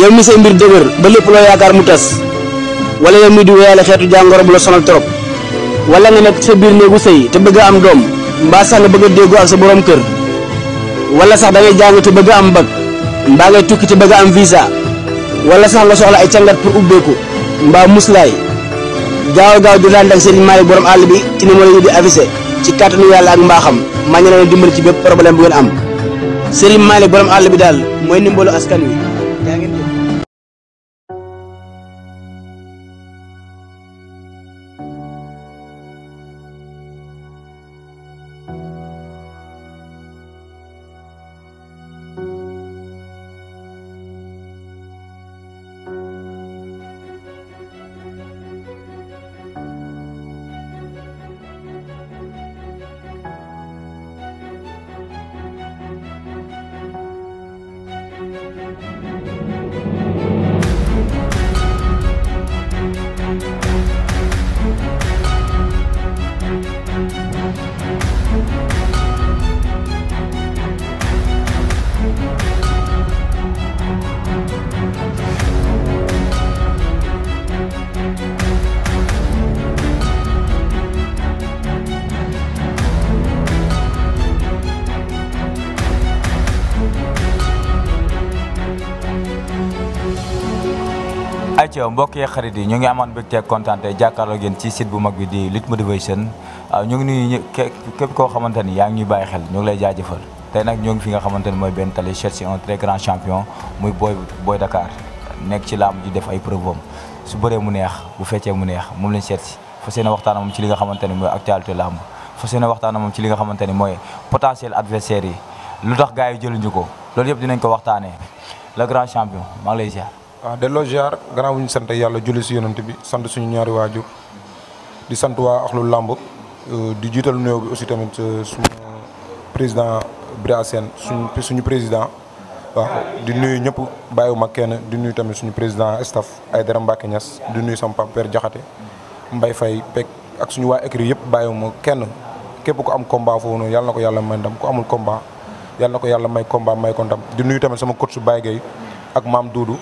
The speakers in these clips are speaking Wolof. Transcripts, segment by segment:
yow mi sey mbir deuguer ba lepp lo yaakar mu tass wala yow mi di wéyale xeetu jangoro bu la sonal torop wala nga nek sa bir neegu sey te bëgg am dom mba sax nga bëgg ak sa borom kër wala sax da ngay jàng te bëgg am mba ngay tukki te bëgg am visa wala sax la soxla ay cangat pour ubbeeku mba muslay gaaw gaaw di daan ak sëriñ Maalik borom all bi ci ni mo la di avisé ci katanu yalla ak mbaxam ma ñu la dimbal ci bëpp problème bu ngeen am sëriñ malik borom àll bi daal mooy askan wi bilangin tuh yow mbokk yee xarit yi ñu ngi amaan mbégteeg kontaan tey jàkkaarloo ak yéen ci site bu mag bi di Lutte Motivation ah, ñu ngi nuyu képp koo xamante ni yaa ngi ñuy bàyyi xel ñu ngi lay jaajëfal tey nag ñoo ngi fi nga xamante ni mooy benn tali cherche un très grand champion muy Boy Boy Dakar nekk ci làmb ji def ay preuve am su bëree mu neex bu feccee mu neex moom lañ seet si fas yéene waxtaan moom ci li nga xamante ni mooy actualité làmb fas yéene waxtaan moom ci li nga xamante ni mooy potentiel adversaire yi lu tax gars yi jëluñu ko loolu yëpp dinañ ko waxtaanee le grand champion maa ngi lay ziar waaw delloo ziar gannaaw bu ñu sant yàlla julli si yonent bi sant suñu ñaari waajur di sant waa axlu làmb euh, di jiital nuyoo bi aussi tamit euh, suñu président Bira Sène suñu président waaw di nuyu ñëpp bàyyiwuma kenn di nuy tamit suñu président staff ay Mbacke Niass di nuyu sama papa Père Diakhaté Mbaye Faye Pek ak suñu waa écrit yëpp bàyyiwuma kenn képp ku am combat foofu noonu yàlla ko yàlla may ndam ku amul combat yàlla ko yàlla may combat may ko ndam di nuyu tamit sama coach Baye Gueye ak maam Doudou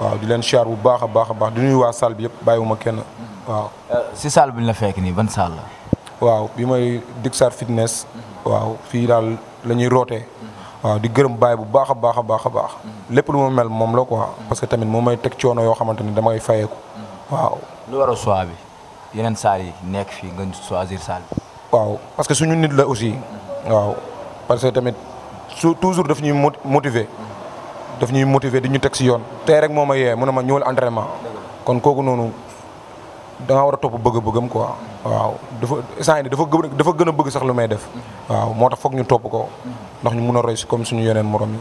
waaw di leen siyaar bu baax a baax a baax du nuyu waa salle bi yëpp bàyyiwuma kenn waaw. Euh, si salle bi ñu la fekk nii ban salle la. waaw bi mooy Dixar fitness. waaw fii daal la ñuy rootee. waaw di gërëm baay bu baax a baax a baax a baax. lépp lu ma mel moom la quoi. parce que tamit moom may teg coono yoo xamante ni damay fayeeku. waaw lu war a bi yeneen salle yi nekk fii nga choisir salle bi. waaw parce que su suñu nit la aussi. waaw parce que tamit su toujours daf ñuy motiver. daf ñuy motiver di ñu teg si yoon tey rek moo ma yee mu ne ma ñëwal entraînement kon kooku noonu da war a topp bëgg-bëggam quoi waaw dafa saa dafa dafa gën a bëgg sax lu may def waaw moo tax foog ñu topp ko ndax ñu mun a roy comme suñu yeneen morom yi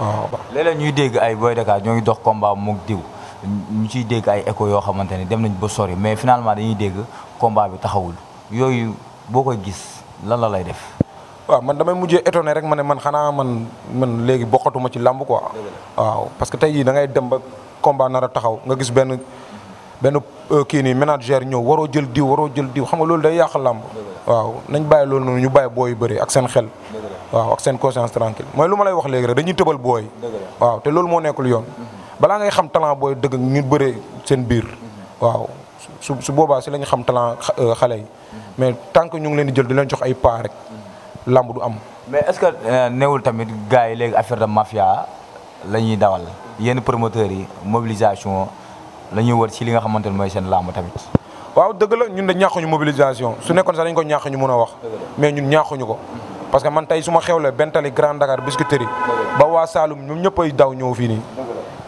waaw. léeg ñuy dégg ay Boy Dakar ñoo ngi dox combat mu diw ñu ciy dégg ay écho yoo xamante ne dem nañ ba sori mais finalement dañuy dégg kombaa bi taxawul yooyu boo koy gis lan la lay def. waaw man damay mujjee étonné rek ma ne man xanaa man man léegi bokkatuma ci làmb ko waaw parce que tey jii da ngay dem ba combat nar taxaw nga gis benn benn euh, kii nii manager ñëw waroo jël diw waroo jël diw xam nga loolu day yàq làmb. waaw nañ bàyyi loolu noonu ñu bàyyi booy yu bëri ak seen xel. waaw ak seen conscience tranquille mooy lu ma lay wax léegi rek dañuy tëbal booy. waaw te loolu moo nekkul yoon. Mm-hmm. balaa ngay xam talent booy dëgg ñu bëree seen biir. Mm-hmm. waaw su su boobaa si la ñu xam talent euh, xale yi mm-hmm. mais tant que ñu ngi leen di jël di leen jox ay pas rek. lamb du am. mais est-ce que euh, newul tamit gars yi léegi affaire de mafia la ñuy dawal yenn promoteurs yi mobilisation la ñuy si ci li nga xamante ne mooy seen lamb tamit. waaw dëgg la ñun de ñàkkuñu mobilisation su nekkoon sax dañ ko ñàkk ñu mën a wax. mais ñun ñaaxuñu ko. parce que man tey su ma xewlee benn tali Grand Dakar Biscuiterie ba waa saalum ñoom ñëpp ay daw ñëw fii nii.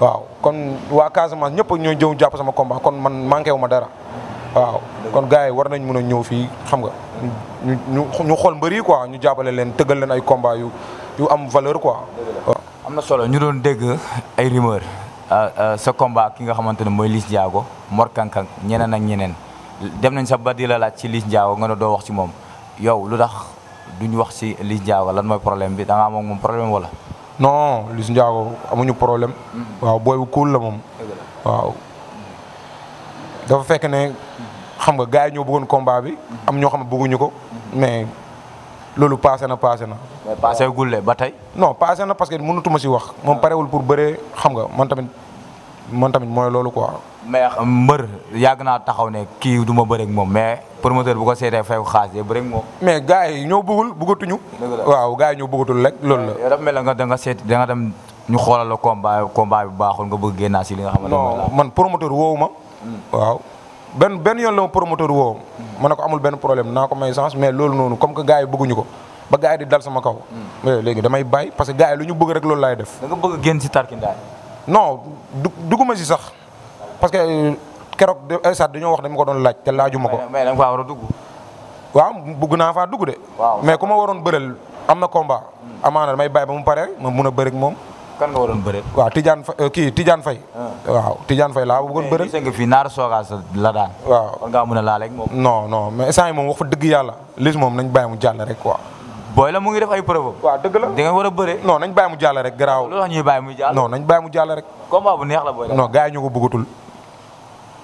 waaw kon waa Casamance ñëpp ñoo jëw jàpp sama combat kon man manqué wu ma dara. waaw kon gars yi war nañ mën a ñëw fii xam nga. ñu ñu ñu xool mbër yi ñu jàppale leen tëggal leen ay combat yu yu am valeur quoi. am na solo ñu doon dégg ay rumeur ah, ah, sa combat ki nga xamante ne mooy Liss Ndiago Mor Kankang ñeneen ak ñeneen dem nañ sa ba di la laaj ci Liss Ndiago nga ne doo wax si moom yow lu tax duñu wax ci Liss Ndiago lan mooy problème bi da ngaa am ak moom problème wala. non Liss Ndiago amuñu problème. Mm. waaw booy bu cool la moom. waaw dafa fekk ne. xam nga gars yi ñoo bëggoon combat bi. am ñoo xam ne bëgguñu ko. mais loolu passé na passé na. mais passé ba tey. non passé na parce que mënatuma si wax. moom ah. parewul pour bëree xam nga man tamit man tamit mooy loolu quoi. mais mbër yàgg naa taxaw ne kii du ma bëri moom mais promoteur bu ko seetee fay xaas de bëri mais gars yi ñoo bëggul bëggatuñu. waaw gaa yi ñoo bëggatul rek loolu la. dafa nga da nga seet da nga dem ñu xoolal la combat bi baaxul nga bëgg génnaa si li nga xam ne. non man promoteur woowu ma hmm. waaw. benn benn yoon la ma promoteur woo ma ne ko amul benn problème naa ko may chance mais loolu noonu comme que gars yi bëgguñu ko ba gars yi di dal sama kaw. léegi damay bàyyi parce que gars yi lu ñu bëgg rek loolu laay def. da nga bëgg génn si tarkindaay. non du dugguma si sax parce que euh, keroog stade dañoo wax dama ko doon laaj te laajuma ko. mais da nga faa dugg. waaw bëgg naa faa dugg de. mais ku ma waroon bëreel am na combat. Hmm. amaana damay bàyyi ba mu pare ma mun a bëri moom. kan nga waroon bëre. waaw Tidiane Faye euh, kii Tidiane Faye. Ah. waaw Tidiane Faye laa bëggoon eh, bëre. mais fii naar soogaas la daan. waaw kon ngaa a laal rek moom. non non mais instant yi moom dëgg yàlla lis moom nañ bàyyi mu jàll rek quoi. booy la mu ngi def ay preuve. waaw dëgg la da nga a bëre. non nañ bàyyi mu jàll rek garaaw. loolu la ñuy bàyyi mu jàll. non nañ bàyyi rek. combat bu neex la booy la. non gars yi ñu ko bëggatul.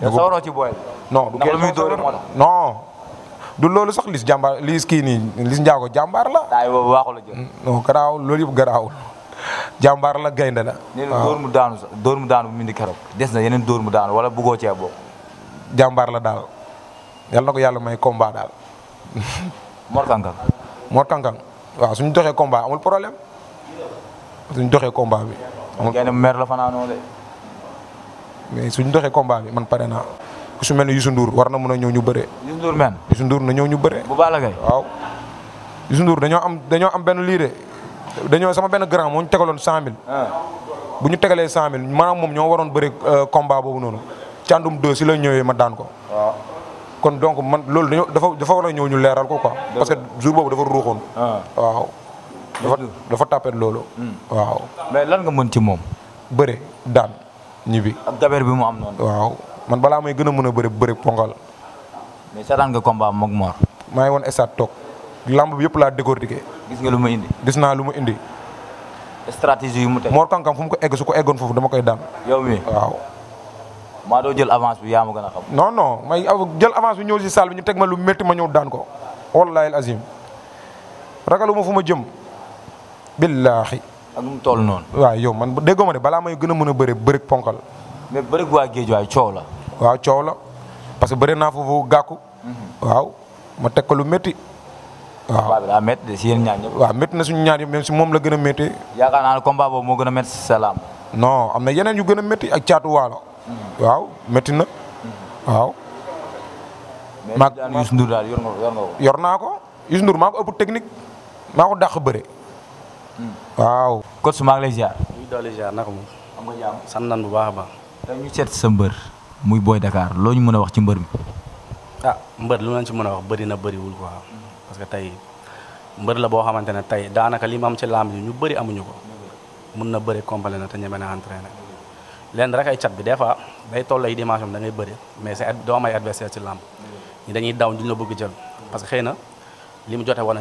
ñu ko sawaroo ci booy non du loolu sax lis jàmbaar lis kii nii lis njaago jàmbaar la. daay la jël. non garaaw loolu yëpp garaawul jàmbaar la gaynde la. waaw dóor mu daanu sax dóor bu mu keroog des na yeneen dóor mu daanu wala bëggoo cee boo jàmbaar la daal yal na ko yàlla may combat daal. Mor Kankang. Mor Kankang waaw suñu doxee combat problème suñu doxee combat bi. amul gaynde mer la suñu doxee combat bi man pare naa. ku su mel ni Youssou Ndour war na mën a ñëw ñu bëree. Youssou Ndour na ñëw ñu bëree. bu Balla dañoo am benn lii de. dañoo sama benn grand moo ñu tegaloon cent mille. Ah. bu ñu tegalee cent mille maanaam moom ñoo waroon bëri euh, combat boobu noonu ci àndum deux si la ñëwee ma daan ko. kon donc man loolu dafa dafa war a ñëw ñu leeral ko quoi. parce que boobu dafa ruuxoon. Ah. waaw. dafa dafa tàppet loolu. Hmm. waaw. mais lan nga mën ci moom. bëre daan ñibbi. ak gaber bi mu am noonu. waaw man balaa may gën a mën a bëri bëri ponkal. mais seetaan nga combat moog maa ngi woon stade toog. lamb bi yëpp laa décortiqué. gis nga lu ma indi. gis naa lu ma indi. stratégie yu mu teg Mor Kankam fu mu ko egg su ko eggoon foofu dama koy daan. yow mi waaw. maa doo jël avance bi yaa ma a xam. non non may jël avance bi ñëw si salle bi ñu teg ma lu métti ma ñëw daan ko. wallaahi al azim ragaluma fu ma jëm. billaahi. ak mu toll noonu. waaw yow man déggoo ma ne balaa may gën a mën a bëre bëri ponkal. mais bëri waa géej waay coow la. waaw coow la parce que bëri naa foofu gàkku. Mhm. waaw ma teg ko lu métti. combat bi si yéen ñaar ñëpp. waaw métti na suñu ñaar yëpp même si moom la gën a métti. yaakaar naa ne combat boobu moo gën a métti salaam. non am na yeneen yu gën a métti ak caatu waalo. Mm-hmm. waaw métti na mm-hmm. waaw. maag mais Youssou daal yor naa ko Youssou Ndour maa ko ëpp maa ko dàq bëre. Mm. waaw. baax a baax. tey ñu seet sa mbër muy Boy Dakar loo ñu mën a wax ci mbër mi. ah mbër lu ma si mën a wax bëri na bëriwul quoi. Mm. parce que tey mbër la boo xamante ne tey daanaka li mu am ci làmb ñu bëri amuñu ko mun na bëri complet na te ñeme na entraîné leen rek ay cat bi des day toll ay da ngay bëri mais sa doo am ay adversaire ci làmb ñi dañuy daw duñ la bëgg jël parce que xëy na mu jote woon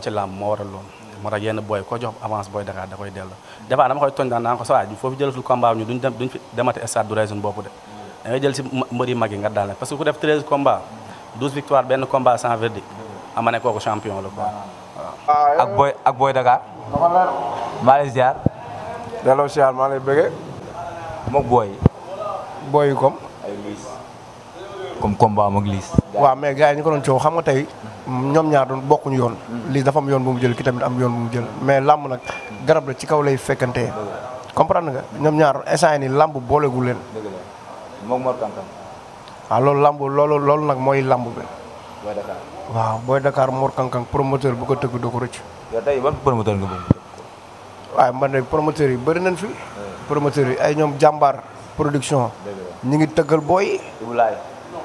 mag yi nga daal parce que ku def 13 combat 12 victoire benn combat sans verdict amane ne champion lo quoi ak boy ak boy Dakar. maa lay ziar. delloo ziar maa lay bëggee. moog booy yi. ay liis. comme combat moog liis. wa mais gars ñu ko don ci xam nga tay ñom ñaar bokku ñu yoon. Mm. liis dafa am yoon bu mu jël ki tamit am yoon bu mu jël mais lamb nak garab la ci kaw lay fekante comprendre nga ñom ñaar essay ni ah lamb nak moy lamb be dakar waaw booy Dakar Mor Kankang promoteur bu ko tëgg doo ko rëcc. yow tey ban promoteur nga bëgg. waaye man de promoteur yi bëri nañ fi. promoteur yi ay ñoom jàmbaar production. ñu ngi tëggal booy.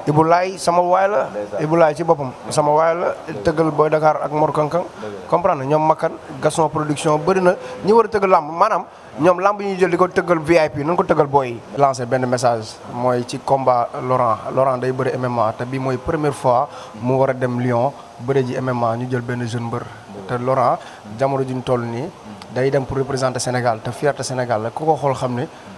Ibu Laay sama waay la Ibu Laay ci boppam sama waay la tëggal Boy Dakar ak Mor Kankang comprendre ñoom makan Gaston production bëri na ñi war a tëgg làmb maanaam ñoom lamb yi ñuy jël di ko tëggal VIP nañ ko tëggal booy lancé benn message mooy ci combat Laurent Laurent day bëri MMA te bi mooy première fois mu war a dem Lyon bëri ji MMA ñu jël benn jeune mbër te Laurent jamono ji ñu toll nii day dem pour représenter Sénégal te fierté Sénégal la ku ko xool xam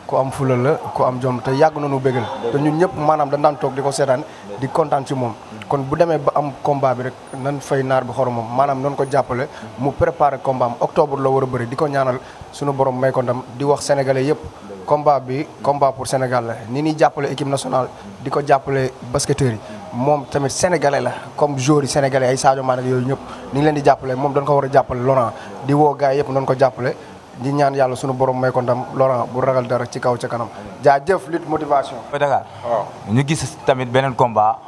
ko am fula la ku am jom te yàgg nañu bégal te ñun ñëpp maanaam dañ daan toog di ko seetaan di kontaan ci moom kon bu demee ba am combat bi rek nan fay naar bi xoromam maanaam noonu ko jàppale mu préparé combat am octobre war a bëri di ko ñaanal suñu borom may ko dam di wax sénégalais yëpp combat bi combat pour Sénégal la ni ñuy jàppale équipe nationale di ko jàppale basketteurs yi moom tamit sénégalais la comme joueurs yi sénégalais ay Sadio Mané ak yooyu ñëpp ni leen di jàppale moom dañ ko war a jàppale Laurent di woo gars yëpp noonu ko jàppale di ñaan yàlla sunu borom may ko ndam Laurent bu ragal dara ci kaw ca kanam jaajëf lutte motivation. Dakar waaw ñu gis tamit beneen combat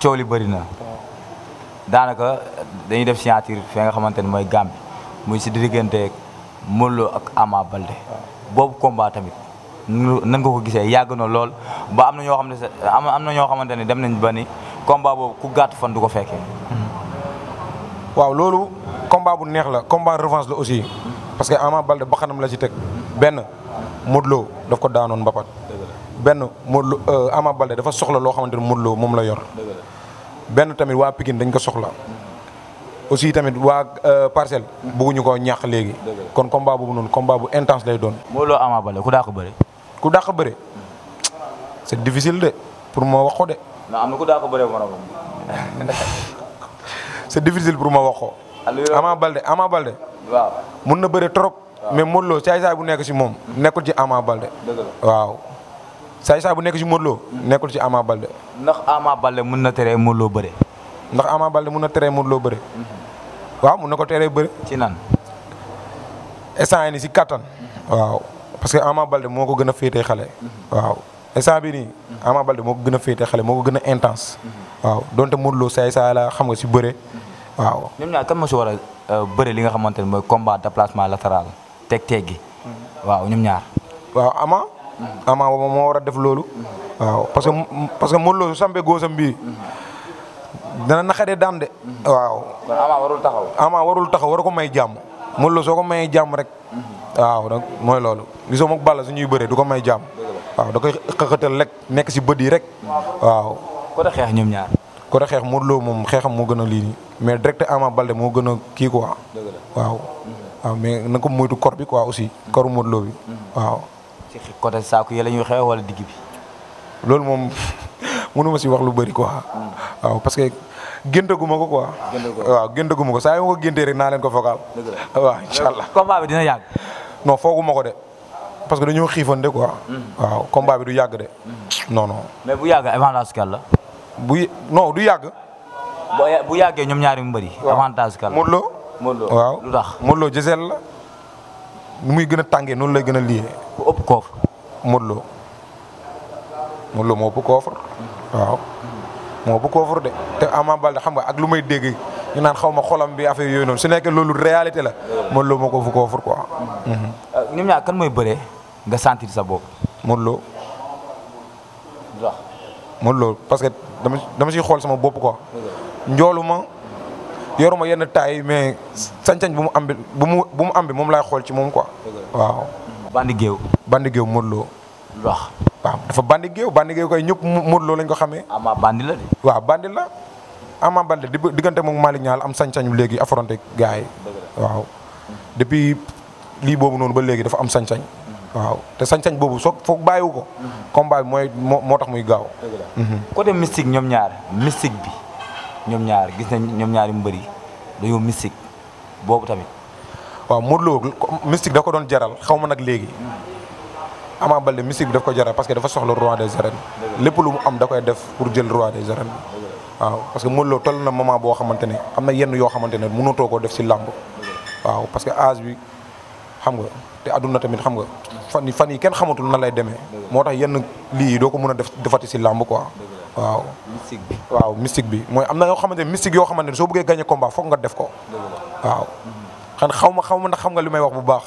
coow li bëri na. daanaka dañuy def signature fi nga xamante ni mooy Gambie muy si diggante Modou Lo ak Ama Baldé boobu komba tamit nan ko gisee yàgg na lool ba am na ñoo xam ne am na ñoo xamante ne dem nañ ba ni combat boobu ku gàtt fan du ko fekkee. waaw loolu combat bu neex la combat revanche la aussi. parce que Ama Baldé baxanam la ci teg benn Modou Lo daf ko daanoon mbapat benn Modou Lo euh, Ama dafa soxla loo xamante ni Modou moom la yor benn tamit waa Pikine dañ ko soxla aussi tamit waa euh, parcelle bëgguñu ko ñàq léegi kon combat boobu noonu combat bu intense lay doon Modou Lo Ama Baldé ku dàq bëre ku dàq bëre c'est difficile de pour ma wax ko de. na ku dàq bëre moroomam c'est difficile pour ma wax Ama Balde Ama Balde. mun na bëre trop. mais Modou Lo saay saay bu nekk si moom nekkul ci Ama Balde. waaw bu nekk si Modou nekkul ci Ama Balde. mun na teree Modou Lo bëre. ndax Ama mun na teree Modou Lo mhm. waaw mun na ko teree bëre. ci nan. si kattan. waaw que Ama moo ko gën a féetee xale. bi mhm. nii. Ama gën a féetee xale moo ko gën a intense. Mhm. donte Modou Lo saay saay la xam nga si bëre. waaw ñoom ñaar kan moo si war a euh, bëri li nga xamante ne mooy combat déplacement latéral teg teggi waaw ñoom ñaar. waaw Ama. Ama moo war a def loolu. waaw parce que parce que Modou Lo su sampee góosam bii. dana naqadee daan de. waaw. kon warul taxaw. Ama warul war ko may jàmm. Modou soo ko mayee jàmm rek. mooy loolu. gisoo moom Balla su ñuy bëree du ko may jàmm. waaw da koy xëxëtal rek nekk si bët yi rek. waaw. ko da xeex ñoom ñaar. ko da xeex Modou Lo moom xeexam moo gën a lii mais direct Ama Balde moo gën a kii quoi. Mhm. waaw. mais na ko moytu kor bi quoi aussi. koru Modou mhm. waaw. ci saako yi la ñuy xew wala digg bi. loolu moom mënu ma si wax lu bëri quoi. Mhm. waaw parce que géntaguma ko quoi. waaw géntaguma ko saa yoo ko géntee rek naa leen ko fokaal. waaw incha allah combat bi dina yàgg. non fooguma ko de. parce que dañoo xiifande quoi. waaw combat bi du yàgg de. non non. mais bu yàgg avant du yàgg. bu yàggee ñoom ñaari mbër yi. avantage kan la Modou Lo. Modou Lo la. nu muy gën a tàngee noonu lay gën a liyee. ku ëpp koof. Modou Lo. moo ëpp koofur. moo ëpp koofur de te Ama Baldé xam nga ak lu may dégg ñu naan xaw ma xolam bi affaire yooyu noonu si nekkee loolu réalité la Modou Lo moo ko ëpp koofur quoi. Mhm. Euh, ñoom ñaar kan mooy bëree nga sentir sa bopp. Modou Lo. ndax parce que dama dama siy xool sama bopp ko njooluma yoruma yenn taay mais sañ-sañ bu mu am bu mu bu mu am moom laay xool ci moom quoi. waaw. bandi géew. bandi géew Modou Lo. lu dafa bandi géew bandi koy ñëpp Modou Lo lañ ko xamee. ama bandi la waaw bandi la ama bandi diggante moom Malick Niall am sañ-sañ léegi affronté gars yi. waaw depuis lii boobu noonu ba léegi dafa am sañ-sañ. waaw te sañ-sañ boobu soo foog bàyyiwu ko. Mm-hmm. combat bi mooy moo tax muy gaaw. Mm-hmm. côté ñoom ñaar bi. ñoom ñaar gis nañ ñoom ñaari mbër yi dañoo mystique boobu tamit. waaw Modou Lo mystique da ko doon jaral xaw ma nag léegi Ama Baldé mystique bi daf ko jaral parce que dafa soxla roi des arènes lépp lu mu am da koy def pour jël roi des arènes waaw parce que Modou Lo toll na moment boo xamante ne am na yenn yoo xamante ne mënatoo koo def ci làmb waaw parce que âge bi xam nga te àdduna tamit xam nga fan yi fan yi kenn xamatul na lay demee moo tax yenn lii yi doo ko mën a def defati ci làmb quoi waaw mystique bi waaw mystique bi mooy am na yoo xamante ne yoo xamante ne soo bëggee gagné combat foog nga def ko waaw xan xaw ma xaw ma ndax xam nga li may wax bu baax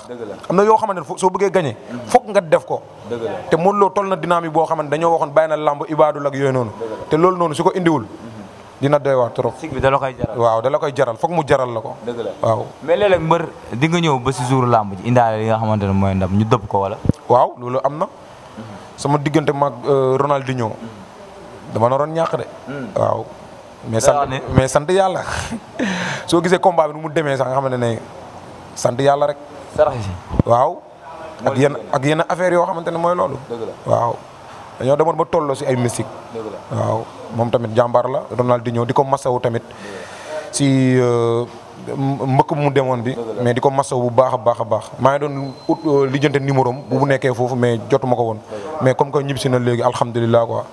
am na yoo xamante ne soo bëggee gagné mm-hmm. foog nga def ko te Modou Lo toll na dynamique boo xamante dañoo waxoon bàyyi na lamb ibaadul ak noonu te loolu noonu su ko indiwul mm-hmm. dina doy waar trop mystique bi koy waaw da koy jaral foog mu jaral la ko waaw mais léeg di nga ñëw ba si jour lamb ji indaale li nga xamante ne mooy ndam ñu dëpp ko wala waaw loolu am na mm-hmm. sama diggante maag euh, Ronaldinho dama naroon ñàkk de. Hmm. waaw mais sant ah, mais sant yàlla soo gisee combat bi nu mu demee sax nga xamante ne sant yàlla rek. sarax si waaw. ak yenn ak yenn affaire yoo xamante ne mooy loolu. waaw dañoo demoon ba tolloo si ay mystique. waaw moom tamit jàmbaar la Ronaldinho di ko masawu tamit si euh, mbëkk mu demoon bi. mais di ko masawu bu baax a baax a baax maa ngi doon ut euh, lijjante numéro am bu bu nekkee foofu mais jotuma ko woon. mais comme que ñibbisi na léegi alhamdulilah quoi.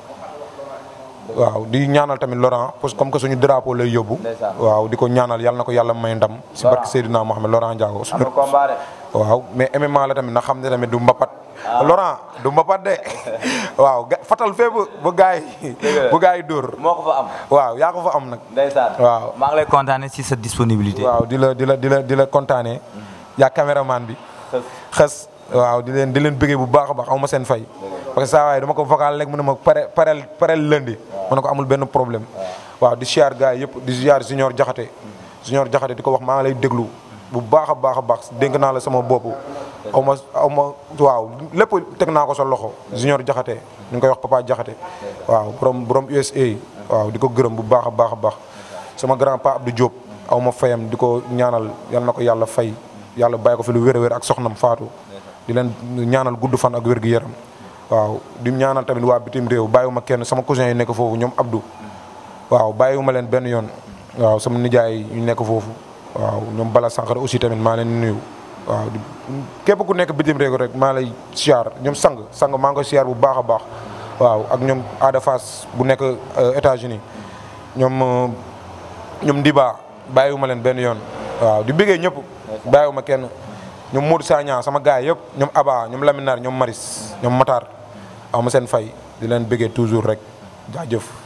waaw di ñaanal tamit Laurent parce comme que suñu drapeau lay yóbbu. waaw di ko ñaanal yàlla na ko yàlla may ndam. si barke Seydina Mohamed Laurent Ndiago. suñu waaw mais MMA la tamit na xam ne tamit du mbapat. Ah. Laurent du mbapat de waaw ga fatal fee bu gaay bu dóor. moo ko yaa ko fa am nag. ndeysaan waaw maa ngi lay kontaanee si sa disponibilité. waaw di la di la di di la kontaanee. Mm-hmm. yaa caméraman bi. xës waaw di leen di leen bëggee bu baax a baax aw ma seen fay. parce que saa waay dama ko vocal rek mu ne ma pare parel ma na ko amul benn problème waaw di siyaar gars yi yëpp di siyaar junior jaxate junior jaxate di ko wax maa ngi lay déglu bu baax a baax a baax dénk naa la sama bopp aw ma aw ma waaw lépp teg naa ko sa loxo junior jaxate ñu ngi koy wax papa jaxate waaw borom borom USA waaw di ko gërëm bu baax a baax a baax sama grand pa Abdou Diop aw ma fayam di ko ñaanal yal na ko yàlla fay yàlla bàyyi ko fi lu wér a wér ak soxnam faatu di leen ñaanal gudd fan ak wér gi yaram waaw di ñaanal tamit wa bitim rew bayuma kenn sama cousin yi nek fofu ñom Abdou waaw bayuma len ben yoon waaw sama nijaay ñu nek fofu waaw ñom Bala Sankara aussi tamit ma len nuyu waaw kep ku nek bitim rew rek ma lay siyaar ñom sang sang ma nga koy bu baaxa baax waaw ak ñom Ada fas bu nek etats euh, unis ñom euh, ñom Diba bayuma len ben yoon waaw di bege ñep bayuma kenn ñom Modou sañan sama gaay yep ñom Aba ñom Laminar ñom Maris ñom Matar am seen fay di len beugé toujours rek jaajëf.